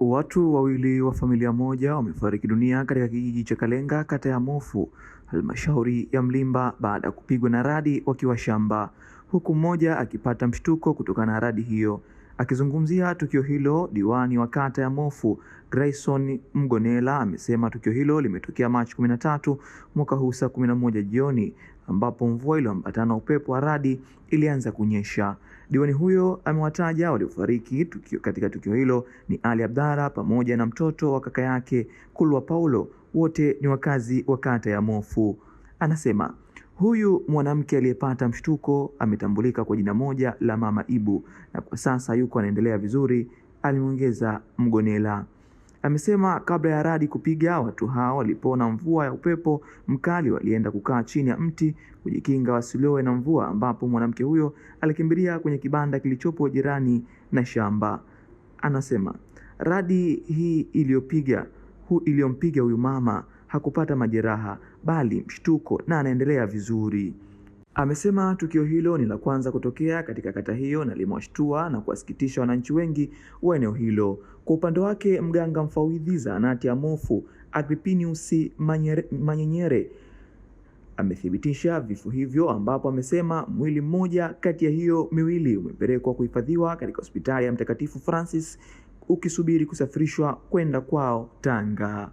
Watu wawili wa familia moja wamefariki dunia katika kijiji cha Kalenga, kata ya Mofu, halmashauri ya Mlimba baada ya kupigwa na radi wakiwa shamba, huku mmoja akipata mshtuko kutokana na radi hiyo. Akizungumzia tukio hilo, diwani wa kata ya Mofu Grayson Mgonela amesema tukio hilo limetokea Machi 13 mwaka huu saa 11 jioni, ambapo mvua iliyoambatana upepo wa radi ilianza kunyesha. Diwani huyo amewataja waliofariki tukio, katika tukio hilo ni Ali Abdara pamoja na mtoto wa kaka yake Kulwa Paulo, wote ni wakazi wa kata ya Mofu. Anasema Huyu mwanamke aliyepata mshtuko ametambulika kwa jina moja la Mama Ibu na kwa sasa yuko anaendelea vizuri, alimuongeza Mgonela. Amesema kabla ya radi kupiga, watu hao walipona mvua ya upepo mkali, walienda kukaa chini ya mti kujikinga wasilowe na mvua, ambapo mwanamke huyo alikimbilia kwenye kibanda kilichopo jirani na shamba. Anasema radi hii iliyompiga huyu mama hakupata majeraha bali mshtuko na anaendelea vizuri. Amesema tukio hilo ni la kwanza kutokea katika kata hiyo na limewashtua na kuwasikitisha wananchi wengi wa eneo hilo. Kwa upande wake, mganga mfawidhi zahanati ya Mofu Agripinius Manyenyere amethibitisha vifo hivyo, ambapo amesema mwili mmoja kati ya hiyo miwili umepelekwa kuhifadhiwa katika hospitali ya Mtakatifu Francis ukisubiri kusafirishwa kwenda kwao Tanga.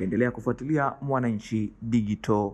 Endelea kufuatilia Mwananchi Digital